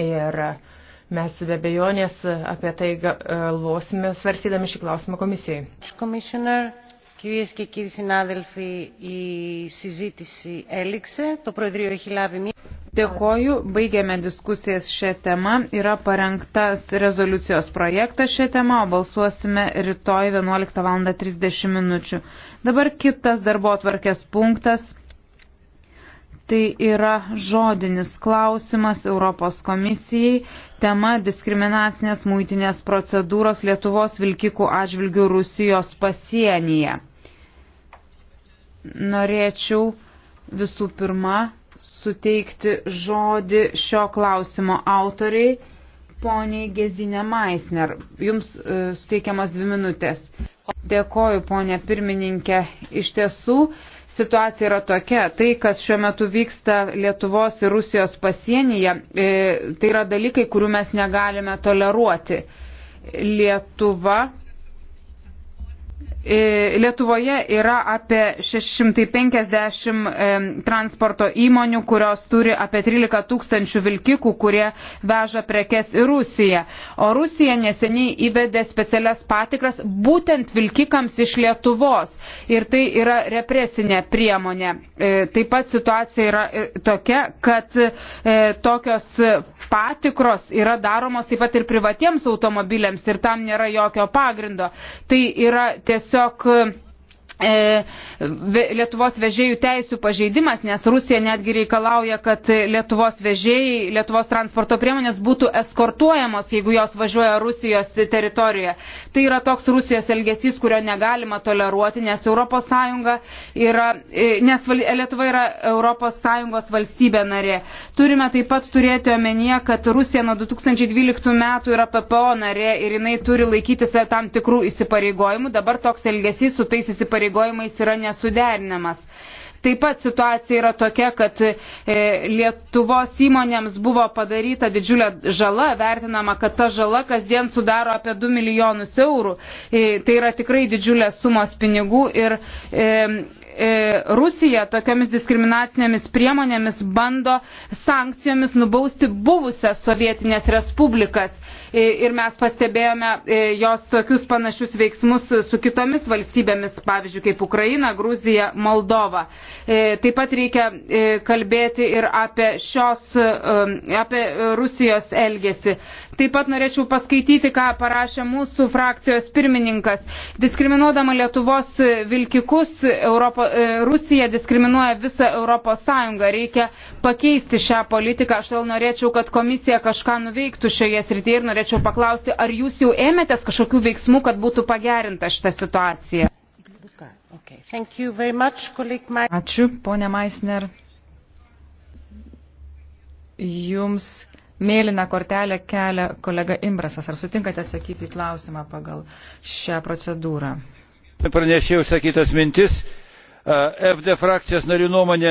Ir mes be bejonės apie tai e, galvosime svarstydami šį klausimą komisijai. Κυρίες και κύριοι συνάδελφοι, η συζήτηση έληξε. Το Προεδρείο έχει λάβει μία... Dėkoju, baigėme diskusijas šią temą. Yra parengtas rezoliucijos projektas šią temą, o balsuosime rytoj 11.30 min. Dabar kitas darbo atvarkės punktas. Tai yra žodinis klausimas Europos komisijai. Tema diskriminacinės muitinės procedūros Lietuvos vilkikų atžvilgių Rusijos pasienyje. Norėčiau visų pirma suteikti žodį šio klausimo autoriai, poniai Gezinė Maisner. Jums e, suteikiamas dvi minutės. Dėkoju, ponė pirmininkė. Iš tiesų, situacija yra tokia. Tai, kas šiuo metu vyksta Lietuvos ir Rusijos pasienyje, e, tai yra dalykai, kurių mes negalime toleruoti. Lietuva E, Lietuvoje yra apie 650 e, transporto įmonių, kurios turi apie 13 tūkstančių vilkikų, kurie veža prekes į Rusiją. O Rusija neseniai įvedė specialias patikras būtent vilkikams iš Lietuvos. Ir tai yra represinė priemonė. E, taip pat situacija yra tokia, kad tokios patikros yra daromos taip pat ir privatiems automobiliams ir tam nėra jokio pagrindo. Tai yra tiesiog tiesiog E, Lietuvos vežėjų teisų pažeidimas, nes Rusija netgi reikalauja, kad Lietuvos vežėjai, Lietuvos transporto priemonės būtų eskortuojamos, jeigu jos važiuoja Rusijos teritorijoje. Tai yra toks Rusijos elgesys, kurio negalima toleruoti, nes, Europos Sąjunga yra, e, nes Lietuva yra Europos Sąjungos valstybė narė. Turime taip pat turėti omenyje, kad Rusija nuo 2012 metų yra PPO narė ir jinai turi laikytis tam tikrų įsipareigojimų. Dabar toks elgesys su tais įsipareigojimais įsipareigojimais yra nesuderinamas. Taip pat situacija yra tokia, kad e, Lietuvos įmonėms buvo padaryta didžiulė žala, vertinama, kad ta žala kasdien sudaro apie 2 milijonus eurų. E, tai yra tikrai didžiulės sumos pinigų ir e, E, Rusija tokiamis diskriminacinėmis priemonėmis bando sankcijomis nubausti buvusias sovietinės respublikas. E, ir mes pastebėjome e, jos tokius panašius veiksmus su kitomis valstybėmis, pavyzdžiui, kaip Ukraina, Gruzija, Moldova. Taip pat reikia kalbėti ir apie, šios, apie Rusijos elgesį. Taip pat norėčiau paskaityti, ką parašė mūsų frakcijos pirmininkas. Diskriminuodama Lietuvos vilkikus, Europo, E, Rusija diskriminuoja visą Europos Sąjungą. Reikia pakeisti šią politiką. Aš todėl norėčiau, kad komisija kažką nuveiktų šioje srityje ir norėčiau paklausti, ar jūs jau ėmėtės kažkokių veiksmų, kad būtų pagerinta šitą situaciją. Okay. Much, Ačiū, ponė Maisner. Jums mėlyną kortelę kelia kolega Imbrasas. Ar sutinkate atsakyti į klausimą pagal šią procedūrą? Pranešėjau sakytas mintis E, fd frakcijos narių nuomone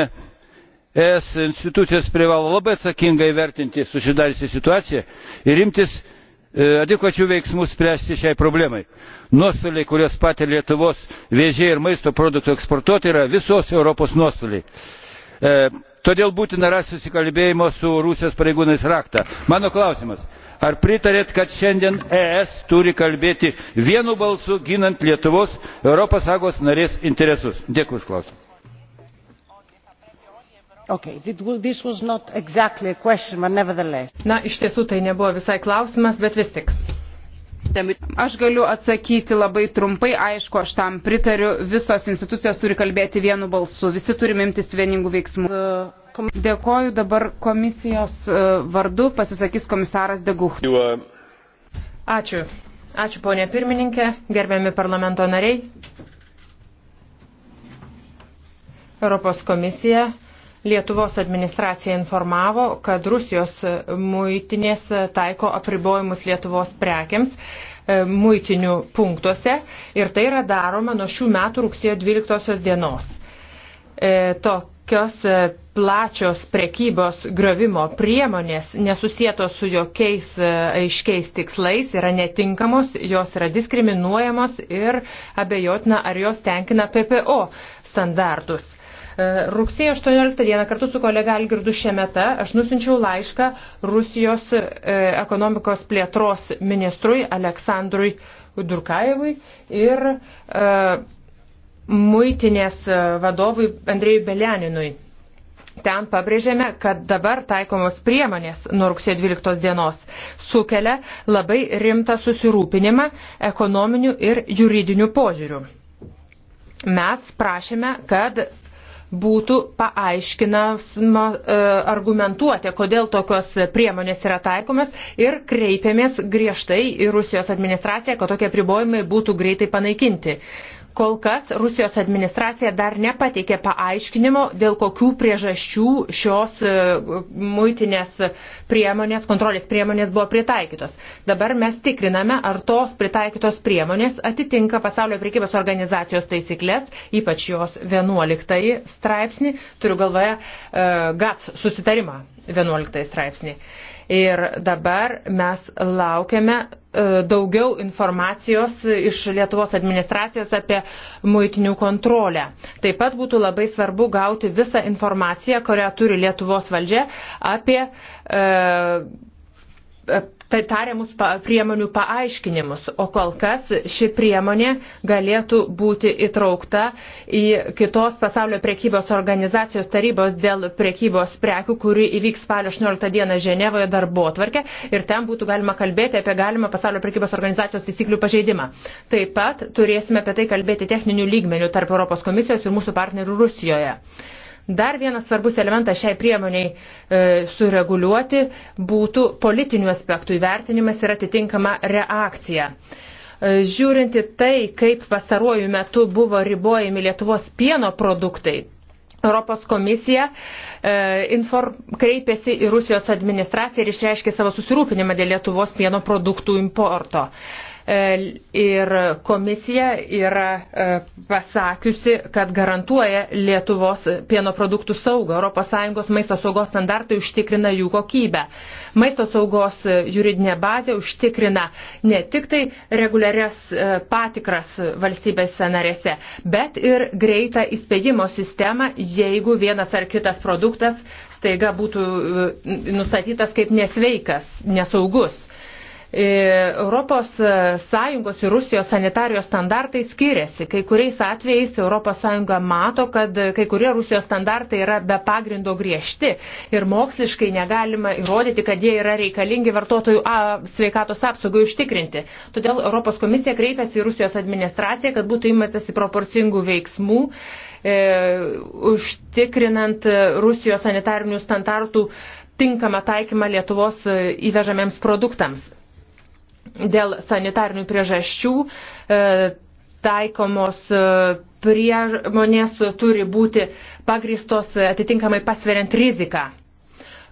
es institucijos privalo labai atsakingai įvertinti susidariusią situaciją ir imtis e, adekvačių veiksmų spręsti šiai problemai. nuostoliai kuriuos patiria lietuvos vėžiai ir maisto produktų eksportuotojai yra visos europos nuostoliai. E, todėl būtina rasti susikalbėjimo su rusijos pareigūnais raktą. mano klausimas ar pritariat kad šiandien es turi kalbėti vienu balsu ginant lietuvos europos sąjungos narės interesus? dėkui už klausimą. Exactly question, Na, iš tiesų tai nebuvo visai klausimas, bet vis tik. Aš galiu atsakyti labai trumpai, aišku, aš tam pritariu, visos institucijos turi kalbėti vienu balsu, visi turime imtis vieningų veiksmų. The Dėkoju dabar komisijos e, vardu, pasisakys komisaras Deguch. E, Ačiū. Ačiū ponė pirmininkė, gerbiami parlamento nariai. Europos komisija Lietuvos administracija informavo, kad Rusijos muitinės taiko apribojimus Lietuvos prekiams e, muitinių punktuose ir tai yra daroma nuo šių metų rugsėjo 12 dienos. To jokios e, plačios prekybos griovimo priemonės nesusietos su jokiais e, aiškiais tikslais yra netinkamos, jos yra diskriminuojamos ir abejotina, ar jos tenkina PPO standartus. E, rugsėjo 18 dieną kartu su kolega Algirdu Šemeta aš nusinčiau laišką Rusijos ekonomikos plėtros ministrui Aleksandrui Durkaevui ir uh, muitinės e, vadovui Andrėjui Belianinui. Ten pabrėžėme, kad dabar taikomos priemonės nuo rugsėjo 12 dienos sukelia labai rimtą susirūpinimą ekonominių ir juridinių požiūrių. Mes prašėme, kad būtų paaiškinama e, argumentuoti, kodėl tokios priemonės yra taikomas ir kreipiamės griežtai į Rusijos administraciją, kad tokie pribojimai būtų greitai panaikinti. Kol kas Rusijos administracija dar nepateikė paaiškinimo, dėl kokių priežasčių šios e, muitinės priemonės, kontrolės priemonės buvo pritaikytos. Dabar mes tikriname, ar tos pritaikytos priemonės atitinka pasaulio priekybos organizacijos taisyklės, ypač jos 11 straipsnį, turiu galvoje e, GATS susitarimą 11 straipsnį. Uh, Ir dabar mes laukiame e, daugiau informacijos iš Lietuvos administracijos apie muitinių kontrolę. Taip pat būtų labai svarbu gauti visą informaciją, kurią turi Lietuvos valdžia apie e, tai tariamus pa, priemonių paaiškinimus, o kol kas ši priemonė galėtų būti įtraukta į kitos pasaulio priekybos organizacijos tarybos dėl priekybos prekių, kuri įvyks spalio 18 dieną Ženevoje darbo atvarkę ir ten būtų galima kalbėti apie galimą pasaulio priekybos organizacijos taisyklių pažeidimą. Taip pat turėsime apie tai kalbėti techninių lygmenių tarp Europos komisijos ir mūsų partnerių Rusijoje. Dar vienas svarbus elementas šiai priemoniai e, sureguliuoti būtų politinių aspektų įvertinimas ir atitinkama reakcija. E, žiūrinti tai, kaip vasaruoju metu buvo ribojami Lietuvos pieno produktai, Europos komisija e, inform, kreipėsi į Rusijos administraciją ir išreiškė savo susirūpinimą dėl Lietuvos pieno produktų importo. E, E, ir komisija yra e, pasakiusi, kad garantuoja Lietuvos pieno produktų saugą. ES maisto saugos standartai užtikrina jų kokybę. Maisto saugos juridinė bazė užtikrina ne tik tai reguliarias e, patikras valstybėse narėse, bet ir greitą įspėjimo sistemą, jeigu vienas ar kitas produktas staiga būtų nustatytas kaip nesveikas, nesaugus. E, Europos Sąjungos ir Rusijos sanitarijos standartai skiriasi. Kai kuriais atvejais Europos Sąjunga mato, kad kai kurie Rusijos standartai yra be pagrindo griežti ir moksliškai negalima įrodyti, kad jie yra reikalingi vartotojų a, sveikatos apsaugai užtikrinti. Todėl Europos komisija kreipiasi į Rusijos administraciją, kad būtų įmatasi proporcingų veiksmų e, užtikrinant Rusijos sanitarinių standartų tinkamą taikymą Lietuvos e, įvežamiems produktams dėl sanitarnių priežasčių e, taikomos e, priemonės turi būti pagristos atitinkamai pasveriant riziką.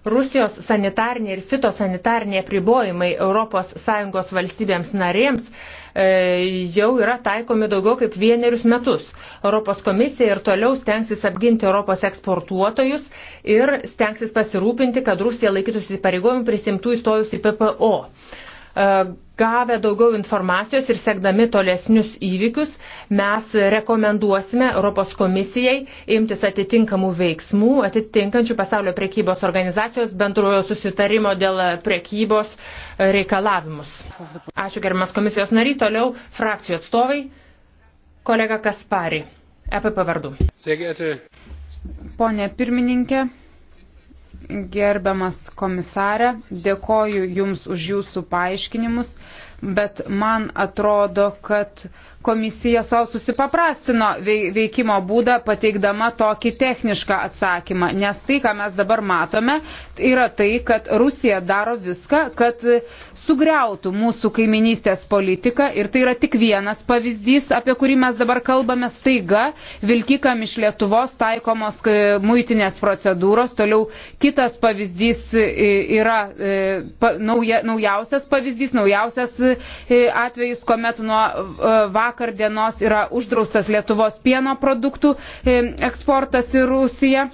Rusijos sanitarniai ir fitosanitarniai apribojimai ES valstybėms narėms e, jau yra taikomi daugiau kaip vienerius metus. Europos komisija ir toliau stengsis apginti Europos eksportuotojus ir stengsis pasirūpinti, kad Rusija laikytųsi įpareigojimų prisimtų įstojus į PPO. E, gavę daugiau informacijos ir sekdami tolesnius įvykius, mes rekomenduosime Europos komisijai imtis atitinkamų veiksmų, atitinkančių pasaulio priekybos organizacijos bendrojo susitarimo dėl priekybos reikalavimus. Ačiū gerbiamas komisijos narys, toliau frakcijų atstovai, kolega Kaspari, EPP vardu. Pone pirmininkė, Gerbiamas komisarė, dėkoju Jums už Jūsų paaiškinimus bet man atrodo, kad komisija savo susipaprastino veikimo būdą, pateikdama tokį technišką atsakymą, nes tai, ką mes dabar matome, yra tai, kad Rusija daro viską, kad sugriautų mūsų kaiminystės politiką ir tai yra tik vienas pavyzdys, apie kurį mes dabar kalbame staiga, vilkikam iš Lietuvos taikomos e, muitinės procedūros, toliau kitas pavyzdys e, yra e, nauja, naujausias pavyzdys, naujausias E, atvejis, kuomet nuo e, vakar dienos yra uždraustas Lietuvos pieno produktų e, eksportas į Rusiją.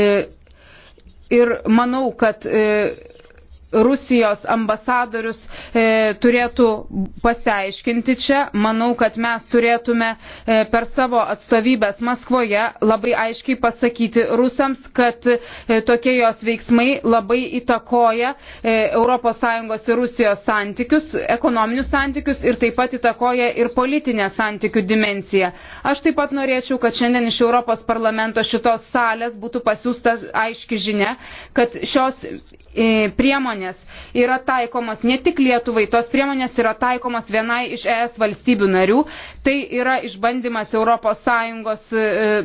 Ir manau, kad Rusijos ambasadorius e, turėtų pasiaiškinti čia. Manau, kad mes turėtume e, per savo atstovybės Maskvoje labai aiškiai pasakyti rusams, kad e, tokie jos veiksmai labai įtakoja e, ES ir Rusijos santykius, ekonominius santykius ir taip pat įtakoja ir politinę santykių dimenciją. Aš taip pat norėčiau, kad šiandien iš Europos parlamento šitos salės būtų pasiūstas aiški žinia, kad šios e, priemonės priemonės yra taikomos ne tik Lietuvai, tos priemonės yra taikomos vienai iš ES valstybių narių. Tai yra išbandymas ES,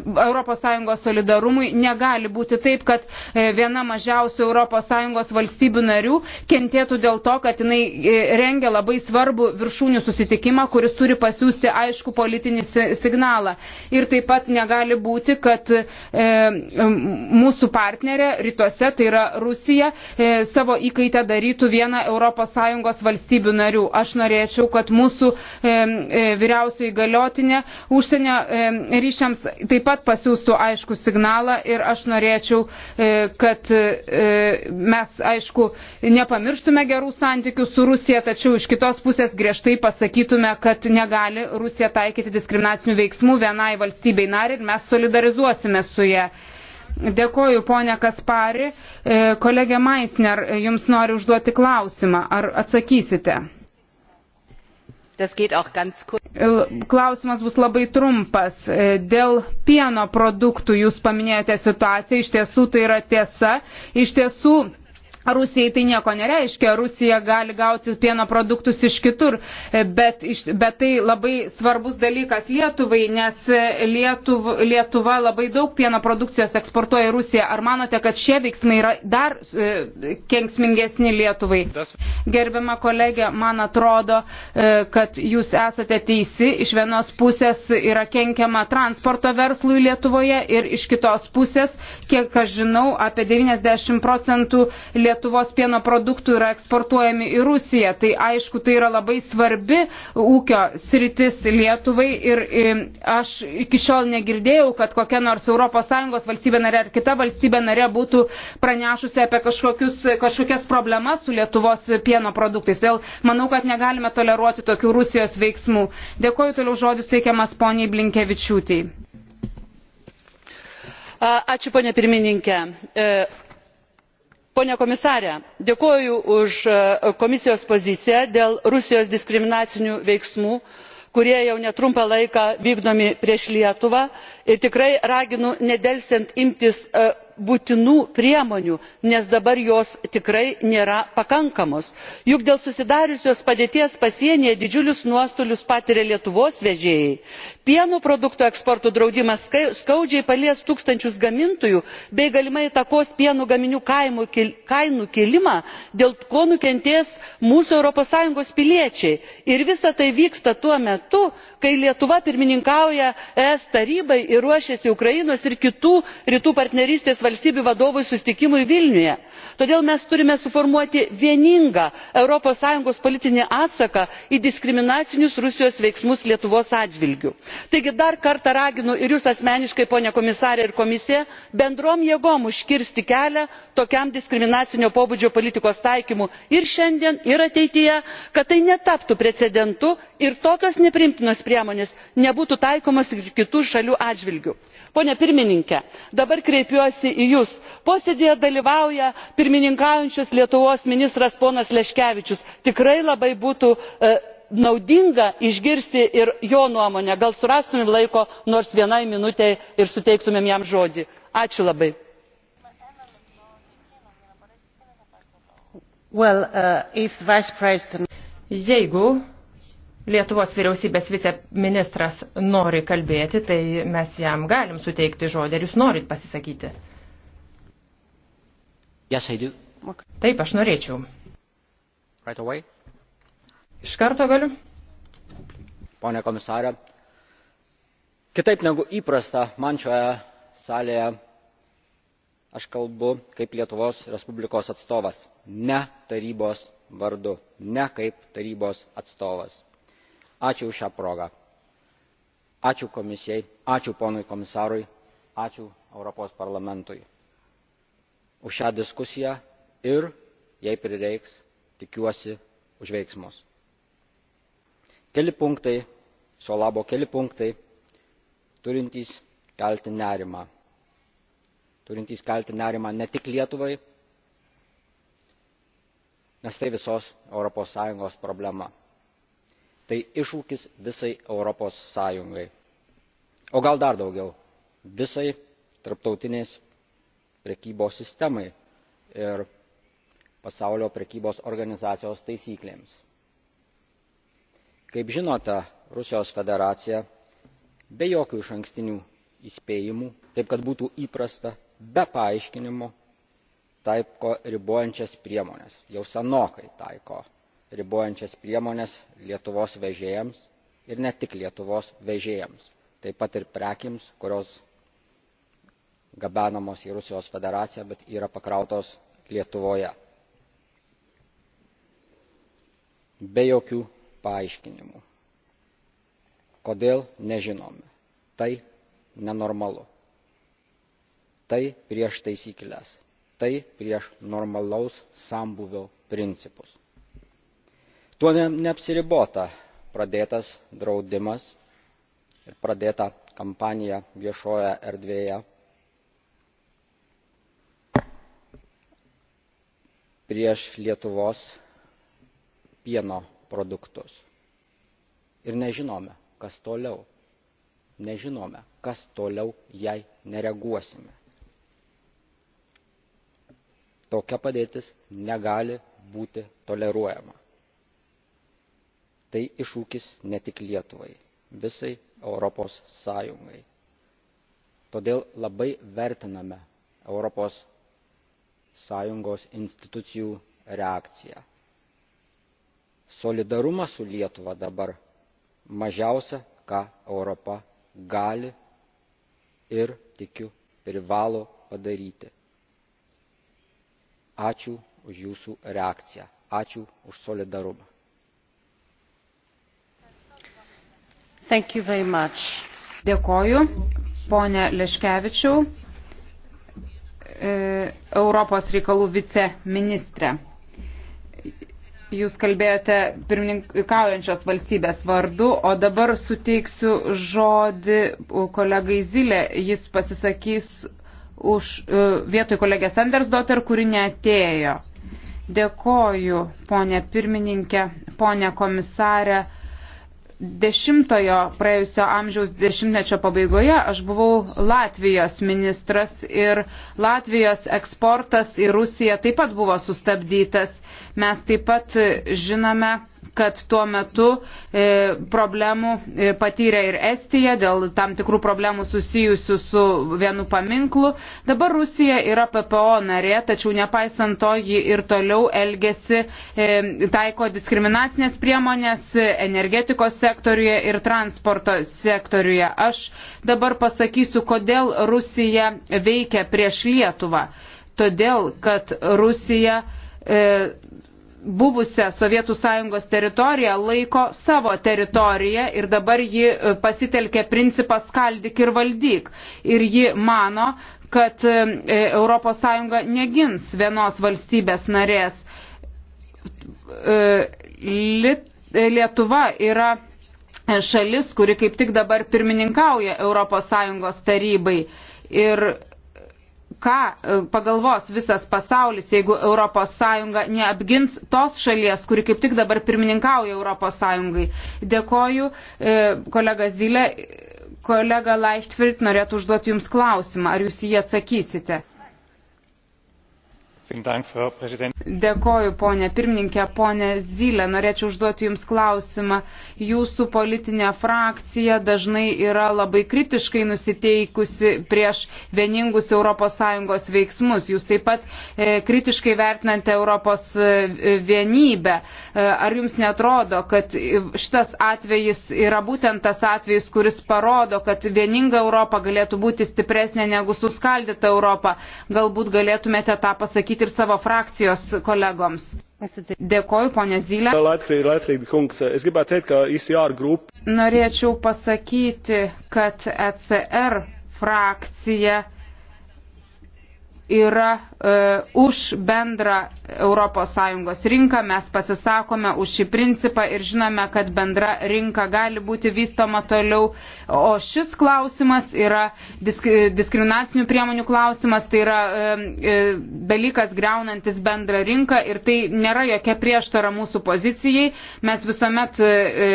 ES solidarumui. Negali būti taip, kad e, viena mažiausių ES valstybių narių kentėtų dėl to, kad jinai e, rengia labai svarbų viršūnių susitikimą, kuris turi pasiūsti aišku politinį signalą. Ir taip pat negali būti, kad e, mūsų partnerė rytuose, tai yra Rusija, e, savo įkaitų tai darytų viena ES valstybių narių. Aš norėčiau, kad mūsų e, e, vyriausių įgaliotinė užsienio e, ryšiams taip pat pasiūstų aišku signalą ir aš norėčiau, e, kad e, mes, aišku, nepamirštume gerų santykių su Rusija, tačiau iš kitos pusės griežtai pasakytume, kad negali Rusija taikyti diskriminacinių veiksmų vienai valstybei nariai ir mes solidarizuosime su ją. Dėkoju, ponė Kaspari. E, kolegė Maisner, e, jums noriu užduoti klausimą. Ar atsakysite? Klausimas bus labai trumpas. E, dėl pieno produktų jūs paminėjote situaciją. Iš tiesų tai yra tiesa. Iš tiesų Rusijai tai nieko nereiškia, Rusija gali gauti pieno produktus iš kitur, bet, bet tai labai svarbus dalykas Lietuvai, nes Lietuv, Lietuva labai daug pieno produkcijos eksportuoja į Rusiją. Ar manote, kad šie veiksmai yra dar e, kenksmingesni Lietuvai? Gerbiama kolegė, man atrodo, e, kad jūs esate teisi. Iš vienos pusės yra kenkiama transporto verslui Lietuvoje ir iš kitos pusės, kiek aš žinau, apie 90 procentų Lietuvos Lietuvos pieno produktų yra eksportuojami į Rusiją. Tai aišku, tai yra labai svarbi ūkio sritis Lietuvai ir e, aš iki šiol negirdėjau, kad kokia nors ES valstybė narė ar kita valstybė narė būtų pranešusi apie kažkokias problemas su Lietuvos pieno produktais. Todėl manau, kad negalime toleruoti tokių Rusijos veiksmų. Dėkoju toliau žodis teikiamas poniai Blinkevičiūtei. Ačiū, ponė pirmininkė e, pone komisare dėkoju už e, komisijos poziciją dėl rusijos diskriminacinių veiksmų kurie jau netrumpą laiką vykdomi prieš lietuvą ir tikrai raginu nedelsiant imtis konkrečių veiksmų būtinų priemonių nes dabar jos tikrai nėra pakankamos juk dėl susidariusios padėties pasienyje didžiulius nuostolius patiria lietuvos vežėjai pieno produktų eksporto draudimas skaudžiai palies tūkstančius gamintojų bei galimai įtakos pieno gaminių kainų kilimą dėl ko nukentės mūsų europos sąjungos piliečiai ir visa tai vyksta tuo metu kai lietuva pirmininkauja es tarybai ir ruošiasi ukrainos ir kitų rytų partnerystės valstybių vadovų susitikimui vilniuje. todėl mes turime suformuoti vieningą europos sąjungos politinį atsaką į diskriminacinius rusijos veiksmus lietuvos atžvilgiu. taigi dar kartą raginu ir jus asmeniškai pone komisare ir komisiją bendrom jėgom užkirsti kelią tokiam diskriminacinio pobūdžio politikos taikymui ir šiandien ir ateityje kad tai netaptų precedentu ir tokios nepriimtinos priemonės priemonės nebūtų taikomos ir kitų šalių atžvilgiu. pone pirmininke dabar kreipiuosi į jus posėdyje dalyvauja pirmininkaujančios lietuvos ministras ponas leškevičius tikrai labai būtų e, naudinga išgirsti ir jo nuomonę gal surastumėm laiko nors vienai minutei ir suteiktumėm jam žodį. ačiū labai. Uh, jeigu Lietuvos vyriausybės viceministras nori kalbėti, tai mes jam galim suteikti žodį. Ar jūs norit pasisakyti? Yes, I do. Taip, aš norėčiau. Right away. Iš karto galiu. Pone komisarė, kitaip negu įprasta man šioje salėje aš kalbu kaip Lietuvos Respublikos atstovas, ne tarybos vardu, ne kaip tarybos atstovas ačiū už šią progą ačiū komisijai ačiū ponui komisarui ačiū europos parlamentui už šią diskusiją ir jei prireiks tikiuosi už veiksmus. keli punktai viso labo keli punktai turintys kelti nerimą turintys kelti nerimą ne tik lietuvai nes tai visos europos sąjungos problema tai iššūkis visai europos sąjungai o gal dar daugiau visai tarptautinės prekybos sistemai ir pasaulio prekybos organizacijos taisyklėms. kaip žinote rusijos federacija be jokių išankstinių įspėjimų kaip kad būtų įprasta be paaiškinimų taiko ribojančias priemones jau senokai taiko ribojančias priemones lietuvos vežėjams ir ne tik lietuvos vežėjams taip pat ir prekėms kurios gabenamos į rusijos federaciją bet yra pakrautos lietuvoje be jokių paaiškinimų. kodėl nežinome. tai nenormalu. tai prieš taisykles. tai prieš normalaus sambūvio principus tuo neapsiribota pradėtas draudimas ir pradėta kampanija viešojoje erdvėje prieš lietuvos pieno produktus ir nežinome kas toliau nežinome kas toliau jei nereaguosime. tokia padėtis negali būti toleruojama tai iššūkis ne tik lietuvai visai europos sąjungai. todėl labai vertiname europos sąjungos institucijų reakciją. solidarumas su lietuva dabar mažiausia ką europa gali ir tikiu privalo padaryti. ačiū už jūsų reakciją ačiū už solidarumą. Dėkoju, ponė Leškevičiau, e, Europos reikalų viceministrė. Jūs kalbėjote pirmininkaujančios valstybės vardu, o dabar suteiksiu žodį kolegai Zilė. Jis pasisakys už, e, vietoj kolegės Andersdotter, kuri neatėjo. Dėkoju, ponė pirmininkė, ponė komisarė dešimtojo praėjusio amžiaus dešimtmečio pabaigoje aš buvau Latvijos ministras ir Latvijos eksportas į Rusiją taip pat buvo sustabdytas. Mes taip pat žinome, kad tuo metu e, problemų e, patyrė ir Estija dėl tam tikrų problemų susijusių su vienu paminklu. Dabar Rusija yra PPO narė, tačiau nepaisant to ji ir toliau elgesi, e, taiko diskriminacinės priemonės energetikos sektoriuje ir transporto sektoriuje. Aš dabar pasakysiu, kodėl Rusija veikia prieš Lietuvą. Todėl, kad Rusija e, buvusią Sovietų sąjungos teritoriją laiko savo teritoriją ir dabar ji e, pasitelkė principą skaldyk ir valdyk. Ir ji mano, kad ES e, negins vienos valstybės narės. E, Lietuva yra šalis, kuri kaip tik dabar pirmininkauja ES tarybai. Ir ką e, pagalvos visas pasaulis, jeigu ES neapgins tos šalies, kuri kaip tik dabar pirmininkauja ES. Dėkoju, e, kolega Zilė, kolega Laištvirt norėtų užduoti Jums klausimą, ar Jūs jį atsakysite. Dėkoju, ponė pirmininkė, ponė Zylė. Norėčiau užduoti Jums klausimą. Jūsų politinė frakcija dažnai yra labai kritiškai nusiteikusi prieš vieningus ES veiksmus. Jūs taip pat e, kritiškai vertinate Europos e, vienybę. E, ar Jums netrodo, kad šitas atvejis yra būtent tas atvejis, kuris parodo, kad vieninga Europa galėtų būti stipresnė negu suskaldita Europa? Galbūt galėtumėte tą pasakyti pasakyti ir savo frakcijos kolegoms. Dėkoju, ponė Zylė. Norėčiau pasakyti, kad ECR frakcija yra e, už bendrą ES rinką, mes pasisakome už šį principą ir žinome, kad bendra rinka gali būti vystoma toliau, o šis klausimas yra disk, diskriminacinių priemonių klausimas, tai yra e, e dalykas greunantis bendrą rinką ir tai nėra jokia prieštara mūsų pozicijai, mes visuomet e, e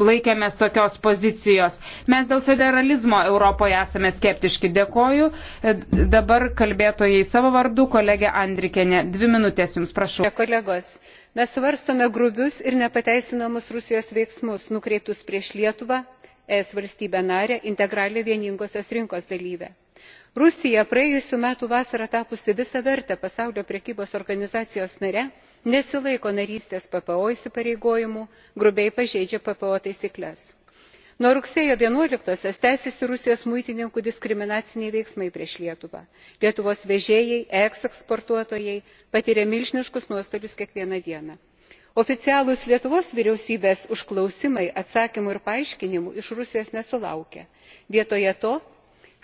laikėmės tokios pozicijos. Mes dėl federalizmo Europoje esame skeptiški, dėkoju. E, dabar kalbėtų kalbėtojai savo vardu, kolegė Andrikenė. Dvi minutės jums prašau. Kolegos, mes svarstome grubius ir nepateisinamus Rusijos veiksmus nukreiptus prieš Lietuvą, es valstybę narę, integralią vieningosios rinkos dalyvę. Rusija praėjusiu metu vasarą tapusi visą vertę pasaulio prekybos organizacijos nare, nesilaiko narystės PPO įsipareigojimų, grubiai pažeidžia PPO taisyklės nuo rugsėjo vienuolika osios tęsiasi rusijos muitininkų diskriminaciniai veiksmai prieš lietuvą lietuvos vežėjai es eksportuotojai patiria milžiniškus nuostolius kiekvieną dieną. oficialūs lietuvos vyriausybės užklausimai atsakymų ir paaiškinimų iš rusijos nesulaukia vietoje to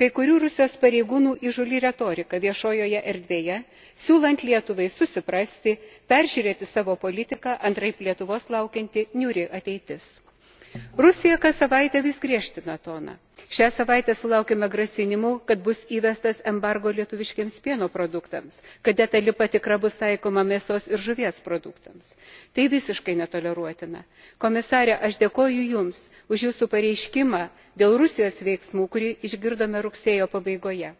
kai kurių rusijos pareigūnų įžūli retorika viešojoje erdvėje siūlant lietuvai susiprasti peržiūrėti savo politiką antraip lietuvos laukianti niūri ateitis rusija kas savaitę vis griežtina toną šią savaitę sulaukėme grasinimų kad bus įvestas embargo lietuviškiems pieno produktams kad detali patikra bus taikoma mėsos ir žuvies produktams. tai visiškai netoleruotina. komisare aš dėkoju jums už jūsų pareiškimą dėl rusijos veiksmų kurį išgirdome rugsėjo pabaigoje.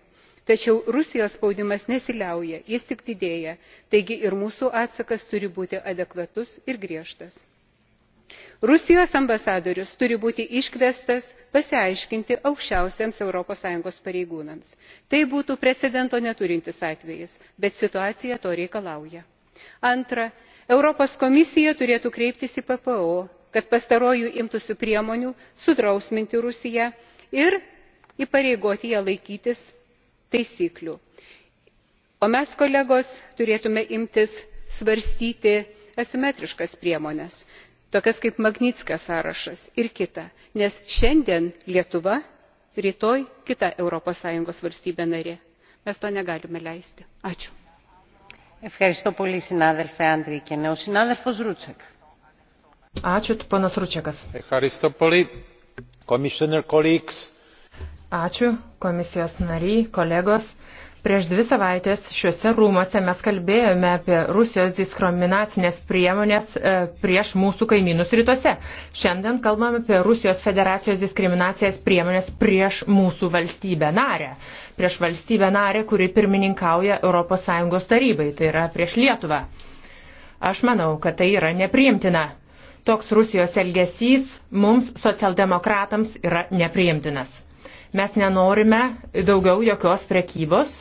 tačiau rusijos spaudimas nesiliauja jis tik didėja taigi ir mūsų atsakas turi būti adekvatus ir griežtas rusijos ambasadorius turi būti iškviestas pasiaiškinti aukščiausiems europos sąjungos pareigūnams. tai būtų precedento neturintis atvejis bet situacija to reikalauja. antra europos komisija turėtų kreiptis į ppo kad pastaroji imtųsi priemonių sudrausminti rusiją ir įpareigoti ją laikytis taisyklių. o mes kolegos turėtume imtis svarstyti asimetriškas priemones tokias kaip Magnitskio sąrašas ir kita, nes šiandien Lietuva, rytoj kita ES valstybė narė. Mes to negalime leisti. Ačiū. Ευχαριστώ πολύ συνάδελφε Άντρικενε. Ο συνάδελφος Ρούτσεκ. Ačiū, panas Ručiakas. Haristopoli, komisioner kolegs. Ačiū, komisijos nariai, kolegos. Prieš dvi savaitės šiuose rūmose mes kalbėjome apie Rusijos diskriminacinės priemonės e, prieš mūsų kaimynus rytuose. Šiandien kalbame apie Rusijos federacijos diskriminacijos priemonės prieš mūsų valstybę narę. Prieš valstybę narę, kuri pirmininkauja ES tarybai, tai yra prieš Lietuvą. Aš manau, kad tai yra nepriimtina. Toks Rusijos elgesys mums, socialdemokratams, yra nepriimtinas. Mes nenorime daugiau jokios prekybos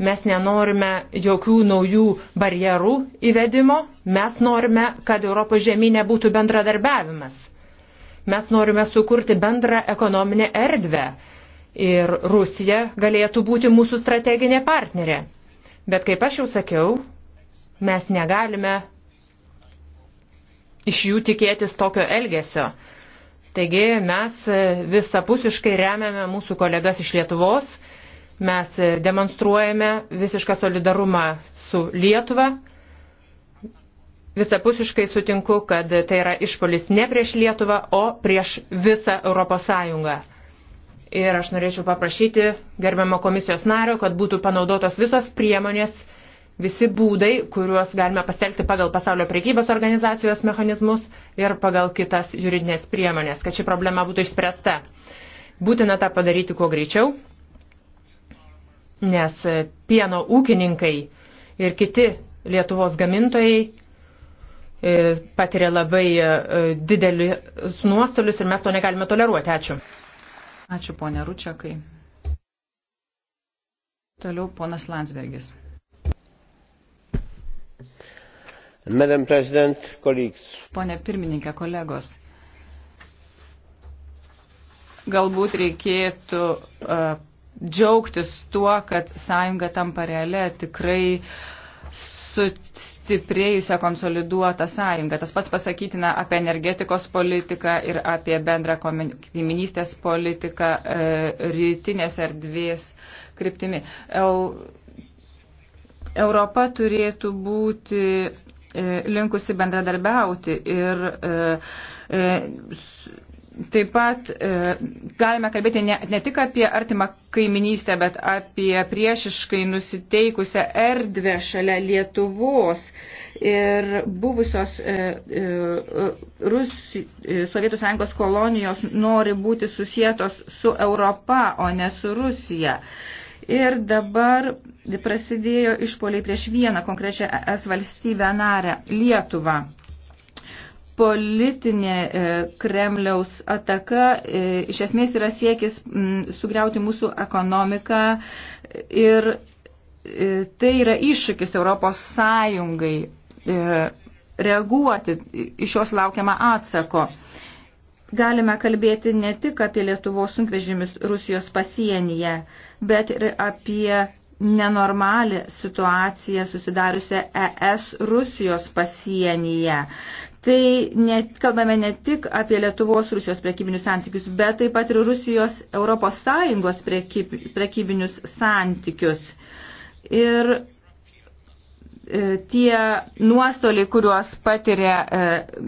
Mes nenorime jokių naujų barjerų įvedimo, mes norime, kad Europos žemynė būtų bendradarbiavimas. Mes norime sukurti bendrą ekonominę erdvę ir Rusija galėtų būti mūsų strateginė partnerė. Bet kaip aš jau sakiau, mes negalime iš jų tikėtis tokio elgesio. Taigi mes visapusiškai remiame mūsų kolegas iš Lietuvos Mes demonstruojame visišką solidarumą su Lietuva. Visapusiškai sutinku, kad tai yra išpolis ne prieš Lietuvą, o prieš visą Europos Sąjungą. Ir aš norėčiau paprašyti gerbiamo komisijos nario, kad būtų panaudotos visos priemonės, visi būdai, kuriuos galime pasitelkti pagal pasaulio priekybos organizacijos mechanizmus ir pagal kitas juridinės priemonės, kad ši problema būtų išspręsta. Būtina tą padaryti kuo greičiau nes e, pieno ūkininkai ir kiti Lietuvos gamintojai e, patiria labai e, didelius nuostolius ir mes to negalime toleruoti. Ačiū. Ačiū, ponė Ručiakai. Toliau ponas Landsbergis. Madam President, colleagues. Pone pirmininkė, kolegos galbūt reikėtų džiaugtis tuo, kad sąjunga tampa realia tikrai sustiprėjusią konsoliduotą sąjungą. Tas pats pasakytina apie energetikos politiką ir apie bendrą kaiminystės politiką e, rytinės erdvės kryptimi. Eu, Europa turėtų būti e, linkusi bendradarbiauti ir e, e, Taip pat e, galime kalbėti ne, ne tik apie artimą kaiminystę, bet apie priešiškai nusiteikusią erdvę šalia Lietuvos ir buvusios e, e, Rus, e, Sovietų Sąjungos kolonijos nori būti susijėtos su Europa, o ne su Rusija. Ir dabar prasidėjo išpoliai prieš vieną konkrečią es valstybę narę - Lietuvą politinė e, Kremliaus ataka e, iš esmės yra siekis sugriauti mūsų ekonomiką ir e, tai yra iššūkis Europos Sąjungai reaguoti iš jos laukiamą atsako. Galime kalbėti ne tik apie Lietuvos sunkvežimis Rusijos pasienyje, bet ir apie nenormalią situaciją susidariusią ES Rusijos pasienyje tai net, kalbame ne tik apie Lietuvos Rusijos prekybinius santykius, bet taip pat ir Rusijos Europos Sąjungos prekyb, prekybinius santykius. Ir e, tie nuostoliai, kuriuos patiria e,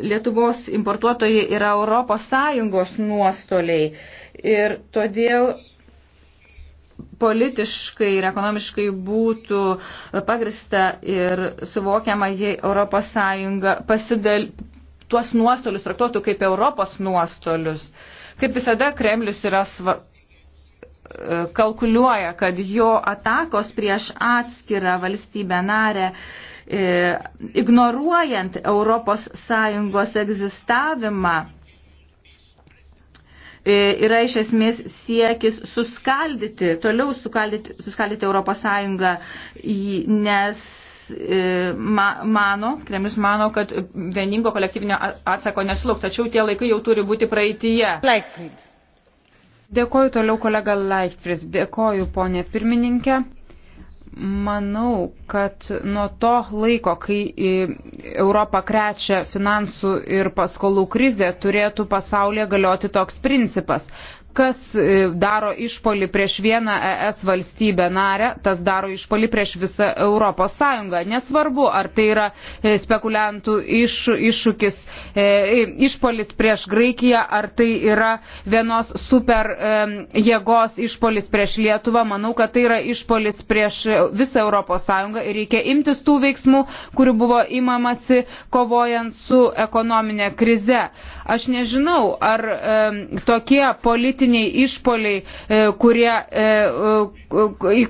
Lietuvos importuotojai, yra Europos Sąjungos nuostoliai. Ir todėl politiškai ir ekonomiškai būtų pagrista ir suvokiama, jei ES pasidal, tuos nuostolius traktuotų kaip Europos nuostolius. Kaip visada, Kremlius yra sva, e, kalkuliuoja, kad jo atakos prieš atskirą valstybę narę e, ignoruojant ES egzistavimą E, yra iš esmės siekis suskaldyti, toliau suskaldyti, suskaldyti Europos Sąjungą, nes e, mano, Kremlius mano, kad vieningo kolektyvinio atsako nesluk, tačiau tie laikai jau turi būti praeityje. Leichtfried. Dėkoju toliau kolega Leichtfried, dėkoju ponė pirmininkė. Manau, kad nuo to laiko, kai Europą krečia finansų ir paskolų krizė, turėtų pasaulyje galioti toks principas kas e, daro išpolį prieš vieną ES valstybę narę, tas daro išpolį prieš visą Europos Sąjungą. Nesvarbu, ar tai yra e, spekuliantų iš, iššūkis, e, išpolis prieš Graikiją, ar tai yra vienos super jėgos išpolis prieš Lietuvą. Manau, kad tai yra išpolis prieš visą Europos Sąjungą ir reikia imtis tų veiksmų, kurių buvo imamasi kovojant su ekonominė krize. Aš nežinau, ar tokie politikai teroristiniai išpoliai, e, kurie, e,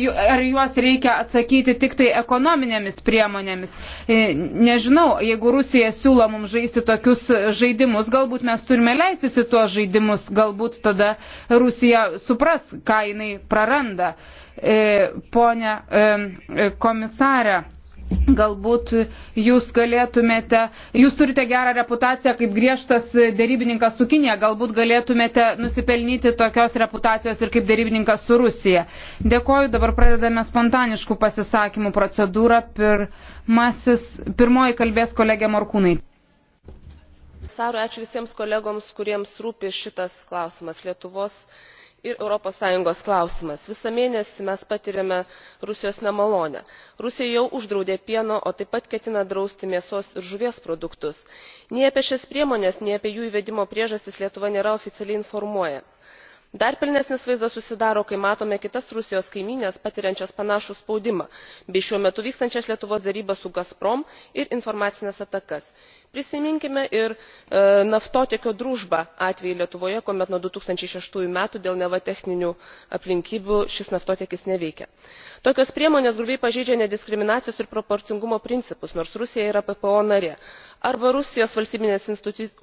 e, ar juos reikia atsakyti tik tai ekonominėmis priemonėmis. Nežinau, jeigu Rusija siūlo mums žaisti tokius žaidimus, galbūt mes turime leistis į tuos žaidimus, galbūt tada Rusija supras, ką jinai praranda. Pone komisarė, Galbūt jūs galėtumėte, jūs turite gerą reputaciją kaip griežtas dėrybininkas su Kinė, galbūt galėtumėte nusipelnyti tokios reputacijos ir kaip dėrybininkas su Rusija. Dėkoju, dabar pradedame spontaniškų pasisakymų procedūrą. Pirmasis, pirmoji kalbės kolegė Morkūnai. Saru, ačiū visiems kolegoms, kuriems rūpi šitas klausimas. Lietuvos ir europos sąjungos klausimas. visą mėnesį mes patiriame rusijos nemalonę rusija jau uždraudė pieno o taip pat ketina drausti mėsos ir žuvies produktus. nei apie šias priemones nei apie jų įvedimo priežastis lietuva nėra oficialiai informuojama. dar pilnesnis vaizdas susidaro kai matome kitas rusijos kaimynes patiriančias panašų spaudimą bei šiuo metu vykstančias lietuvos derybas su gazprom ir informacines atakas prisiminkime ir e, naftotiekio družba atvejį lietuvoje kuomet nuo du tūkstančiai šeši metų dėl neva techninių aplinkybių šis naftotiekis neveikia. tokios priemonės grubiai pažeidžia nediskriminacijos ir proporcingumo principus nors rusija yra ppo narė. arba rusijos valstybinės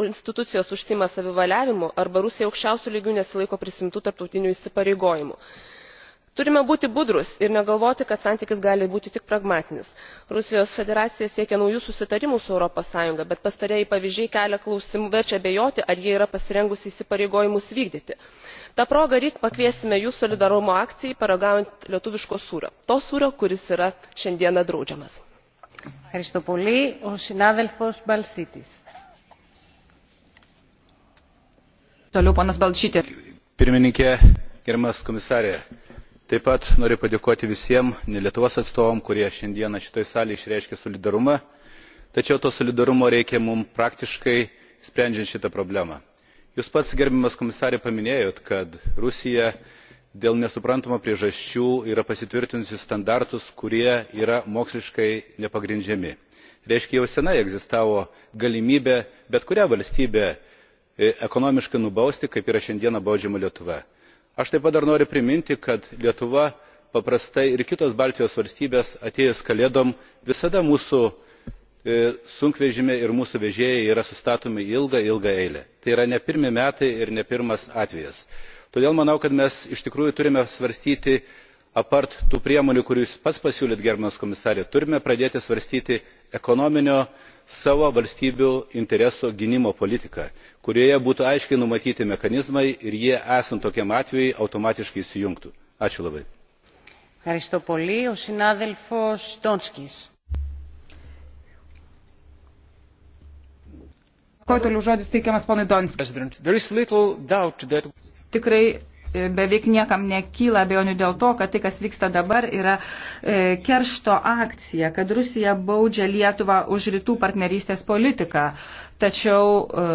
institucijos užsiima savivaliavimu arba rusija aukščiausiu lygiu nesilaiko prisiimtų tarptautinių įsipareigojimų turime būti budrūs ir negalvoti kad santykis gali būti tik pragmatinis. rusijos federacija siekia naujų susitarimų su europos sąjunga bet pastarieji pavyzdžiai verčia abejoti ar ji yra pasirengusi įsipareigojimus vykdyti. ta proga ryt pakviesime jus solidarumo akcijai paragaujant lietuviško sūrio to sūrio kuris yra šiandien draudžiamas. Toliau ponas Balčytė. Pirmininkė, gerbiamas komisarė, taip pat noriu padėkoti visiems ne lietuvos atstovams kurie šiandieną šitoje salėje išreiškė solidarumą tačiau to solidarumo reikia mums praktiškai sprendžiant šitą problemą. jūs pats gerbiamas komisare paminėjote kad rusija dėl nesuprantamų priežasčių yra pasitvirtinusi standartus kurie yra moksliškai nepagrindžiami. tai reiškia jau senai egzistavo galimybė bet kurią valstybę e, ekonomiškai nubausti kaip yra šiandien baudžiama lietuva aš taip pat dar noriu priminti kad lietuva paprastai ir kitos baltijos valstybės atėjus kalėdoms visada mūsų e, sunkvežimiai ir mūsų vežėjai yra sustatomi į ilgą ilgą eilę. tai yra ne pirmi metai ir ne pirmas atvejis. todėl manau kad mes iš tikrųjų turime svarstyti apart tų priemonių kurias jūs pats pasiūlėte gerbiamas komisare turime pradėti svarstyti ekonominio savo valstybių interesų gynimo politiką kurioje būtų aiškiai numatyti mechanizmai ir jie esant tokiam atvejui automatiškai įsijungtų. Tikrai beveik niekam nekyla abejonių dėl to, kad tai, kas vyksta dabar, yra e, keršto akcija, kad Rusija baudžia Lietuvą už rytų partnerystės politiką. Tačiau e,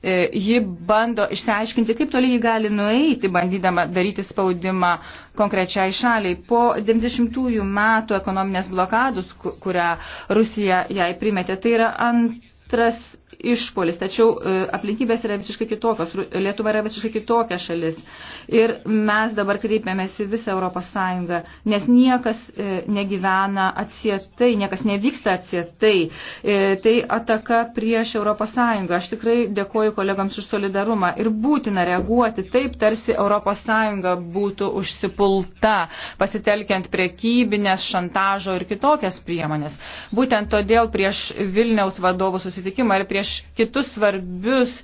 e, ji bando išsiaiškinti, kaip toli jį gali nueiti, bandydama daryti spaudimą konkrečiai šaliai. Po 90-ųjų metų ekonominės blokadus, kurią Rusija jai primetė, tai yra antras išpolis, tačiau e, aplinkybės yra visiškai kitokios, Lietuva yra visiškai kitokia šalis. Ir mes dabar kreipiamės į visą Europos Sąjungą, nes niekas e, negyvena atsietai, niekas nevyksta atsietai. E, tai ataka prieš Europos Sąjungą. Aš tikrai dėkoju kolegams už solidarumą ir būtina reaguoti taip, tarsi Europos Sąjunga būtų užsipulta, pasitelkiant priekybinės, šantažo ir kitokias priemonės. Būtent todėl prieš Vilniaus vadovų susitikimą ir prieš prieš kitus svarbius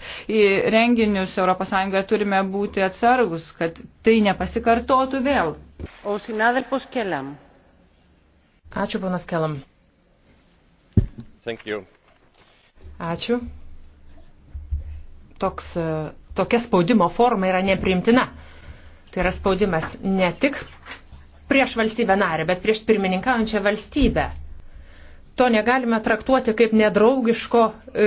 renginius ES turime būti atsargus, kad tai nepasikartotų vėl. Ačiū, panas Kelam. Ačiū. Toks, e, tokia spaudimo forma yra nepriimtina. Tai yra spaudimas ne tik prieš valstybę narę, bet prieš pirmininkaujančią valstybę to negalime traktuoti kaip nedraugiško e,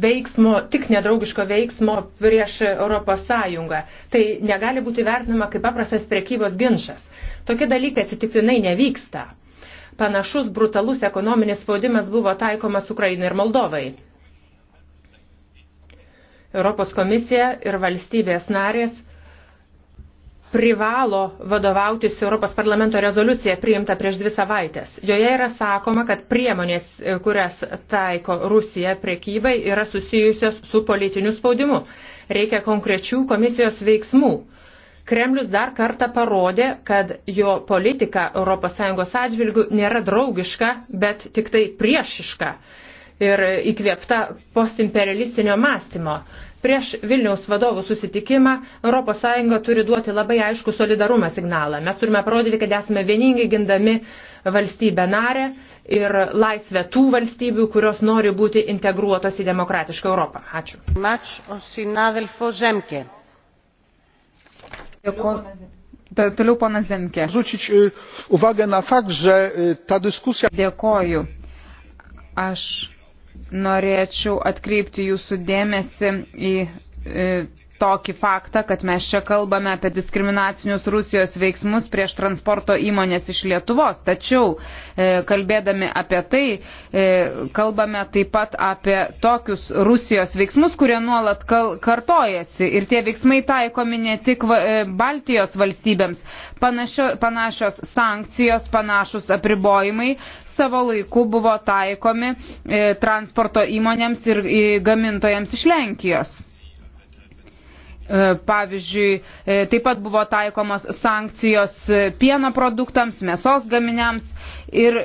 veiksmo, tik nedraugiško veiksmo prieš Europos Sąjungą. Tai negali būti vertinama kaip paprastas prekybos ginčas. Tokie dalykai atsitiktinai nevyksta. Panašus brutalus ekonominis spaudimas buvo taikomas Ukrainai ir Moldovai. Europos komisija ir valstybės narės privalo vadovautis Europos parlamento rezoliucija priimta prieš dvi savaitės. Joje yra sakoma, kad priemonės, e, kurias taiko Rusija priekybai, yra susijusios su politiniu spaudimu. Reikia konkrečių komisijos veiksmų. Kremlius dar kartą parodė, kad jo politika ES atžvilgių nėra draugiška, bet tik tai priešiška ir įkvėpta postimperialistinio mąstymo. Prieš Vilniaus vadovų susitikimą ES turi duoti labai aišku solidarumą signalą. Mes turime parodyti, kad esame vieningi gindami valstybę narę ir laisvę tų valstybių, kurios nori būti integruotos į demokratišką Europą. Ačiū. Toliau ponas Zemke. E, e, Dėkoju. Aš norėčiau atkreipti jūsų dėmesį į e, tokį faktą, kad mes čia kalbame apie diskriminacinius Rusijos veiksmus prieš transporto įmonės iš Lietuvos. Tačiau, e, kalbėdami apie tai, e, kalbame taip pat apie tokius Rusijos veiksmus, kurie nuolat kartojasi. Ir tie veiksmai taikomi ne tik e, Baltijos valstybėms. Panašio, panašios sankcijos, panašus apribojimai savo laiku buvo taikomi transporto įmonėms ir gamintojams iš Lenkijos. E, pavyzdžiui, e, taip pat buvo taikomos sankcijos e, pieno produktams, mėsos gaminiams ir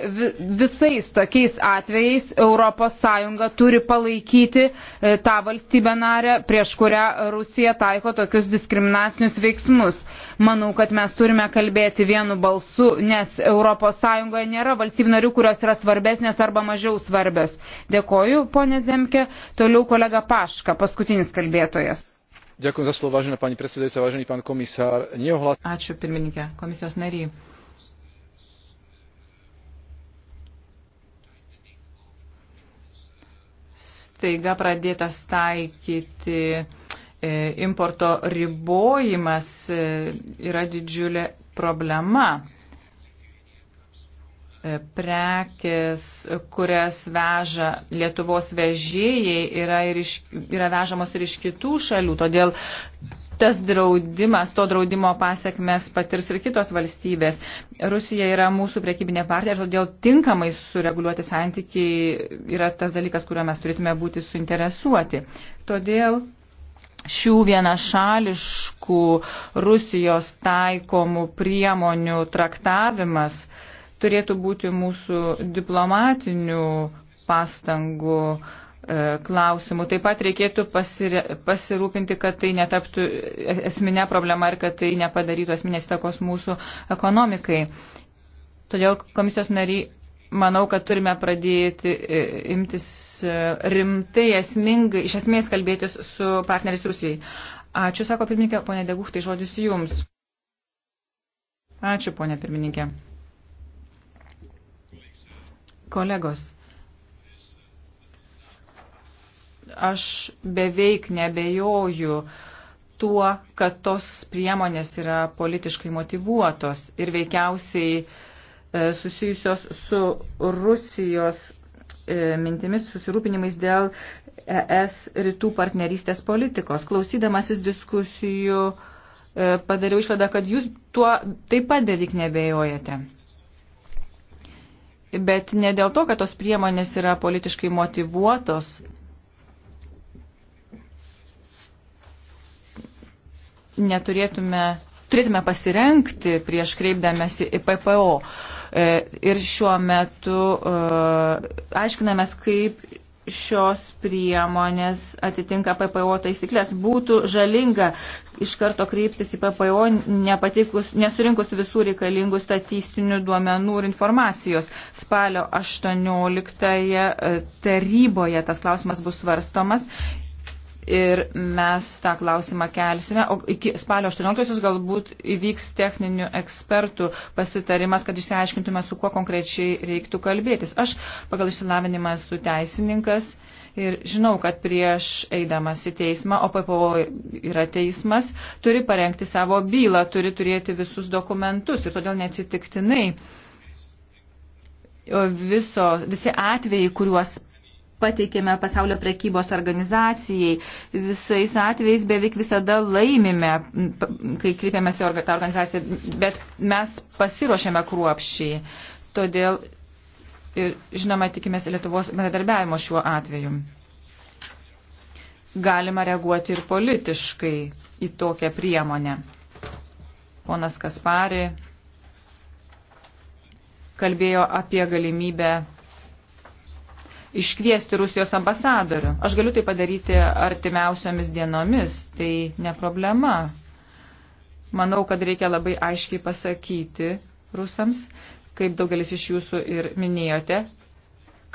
visais tokiais atvejais ES turi palaikyti tą valstybę narę, prieš kurią Rusija taiko tokius diskriminacinius veiksmus. Manau, kad mes turime kalbėti vienu balsu, nes ES nėra valstybių narių, kurios yra svarbesnės arba mažiau svarbios. Dėkoju, ponė Zemke. Toliau kolega Paška, paskutinis kalbėtojas. Ačiū pirmininkė, komisijos nariai. Staiga pradėtas taikyti e, importo ribojimas e, yra didžiulė problema prekės, kurias veža Lietuvos vežėjai, yra, ir iš, yra vežamos ir iš kitų šalių. Todėl tas draudimas, to draudimo pasiekmes patirs ir kitos valstybės. Rusija yra mūsų priekybinė partija ir todėl tinkamai sureguliuoti santykiai yra tas dalykas, kuriuo mes turėtume būti suinteresuoti. Todėl šių vienašališkų Rusijos taikomų priemonių traktavimas uh, turėtų būti mūsų diplomatinių pastangų e, klausimų. Taip pat reikėtų pasire, pasirūpinti, kad tai netaptų e, esminė problema ir kad tai nepadarytų esminės įtakos mūsų ekonomikai. Todėl komisijos nariai, manau, kad turime pradėti e, imtis rimtai, esmingai, iš esmės kalbėtis su partneriais Rusijai. Ačiū, sako pirmininkė, ponė Deguchtai, žodis jums. Ačiū, ponė pirmininkė. Kolegos, aš beveik nebejoju tuo, kad tos priemonės yra politiškai motivuotos ir veikiausiai e, susijusios su Rusijos e, mintimis susirūpinimais dėl ES rytų partnerystės politikos. Klausydamasis diskusijų e, padariau išvadą, kad jūs tuo taip pat beveik nebejojate bet ne dėl to, kad tos priemonės yra politiškai motivuotos. Neturėtume, turėtume pasirenkti prieš kreipdamėsi į PPO. E, ir šiuo metu e, aiškinamės, kaip šios priemonės atitinka PPO taisyklės. Būtų žalinga iš karto kreiptis į PPO, nesurinkus visų reikalingų statistinių duomenų ir informacijos. Spalio 18 e, taryboje tas klausimas bus svarstomas ir mes tą klausimą kelsime. O iki spalio 18-osios galbūt įvyks techninių ekspertų pasitarimas, kad išsiaiškintume, su kuo konkrečiai reiktų kalbėtis. Aš pagal išsilavinimą esu teisininkas ir žinau, kad prieš eidamas į teismą, o PPO yra teismas, turi parengti savo bylą, turi turėti visus dokumentus ir todėl neatsitiktinai. Viso, visi atvejai, kuriuos pateikėme pasaulio prekybos organizacijai. Visais atvejais beveik visada laimime, kai kreipiamės į tą organizaciją, bet mes pasiruošėme kruopšiai. Todėl ir, žinoma, tikimės Lietuvos bendradarbiavimo šiuo atveju. Galima reaguoti ir politiškai į tokią priemonę. Ponas Kaspari kalbėjo apie galimybę iškviesti Rusijos ambasadorių. Aš galiu tai padaryti artimiausiomis dienomis, tai ne problema. Manau, kad reikia labai aiškiai pasakyti rusams, kaip daugelis iš jūsų ir minėjote,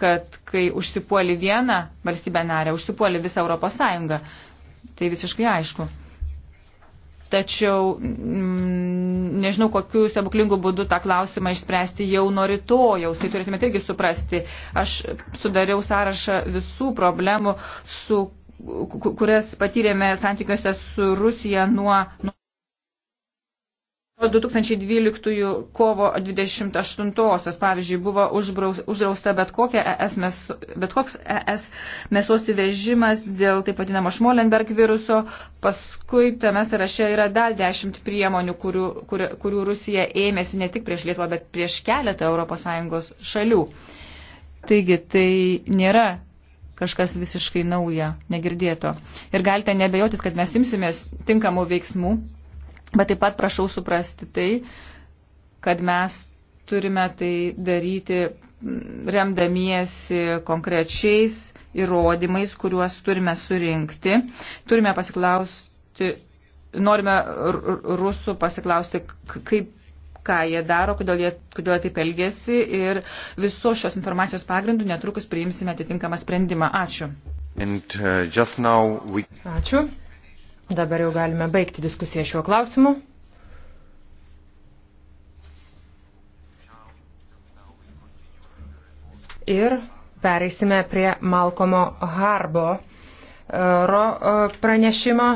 kad kai užsipuoli vieną valstybę narę, užsipuoli visą Europos Sąjungą. Tai visiškai aišku tačiau m, mm, nežinau, kokiu stebuklingų būdu tą klausimą išspręsti jau nuo rytojaus. Tai turėtumėte irgi suprasti. Aš sudariau sąrašą visų problemų, su, kurias patyrėme santykiuose su Rusija nuo. nuo 2012 kovo 28-osios, pavyzdžiui, buvo užbraus, uždrausta bet, kokia ES mes, bet koks ES mėsos įvežimas dėl taip vadinamo Šmolenberg viruso. Paskui tame sąraše yra dar dešimt priemonių, kurių, kur, kurių Rusija ėmėsi ne tik prieš Lietuvą, bet prieš keletą ES šalių. Taigi tai nėra kažkas visiškai nauja, negirdėto. Ir galite nebejotis, kad mes imsimės tinkamų veiksmų Bet taip pat prašau suprasti tai, kad mes turime tai daryti mm, remdamiesi konkrečiais įrodymais, kuriuos turime surinkti. Turime pasiklausti, norime rusų pasiklausti, kaip ką jie daro, kodėl jie, kodėl jie taip elgesi ir visos šios informacijos pagrindų netrukus priimsime atitinkamą sprendimą. Ačiū. And, uh, we... Ačiū. Dabar jau galime baigti diskusiją šiuo klausimu. Ir pereisime prie Malkomo Harbo e, e, pranešimo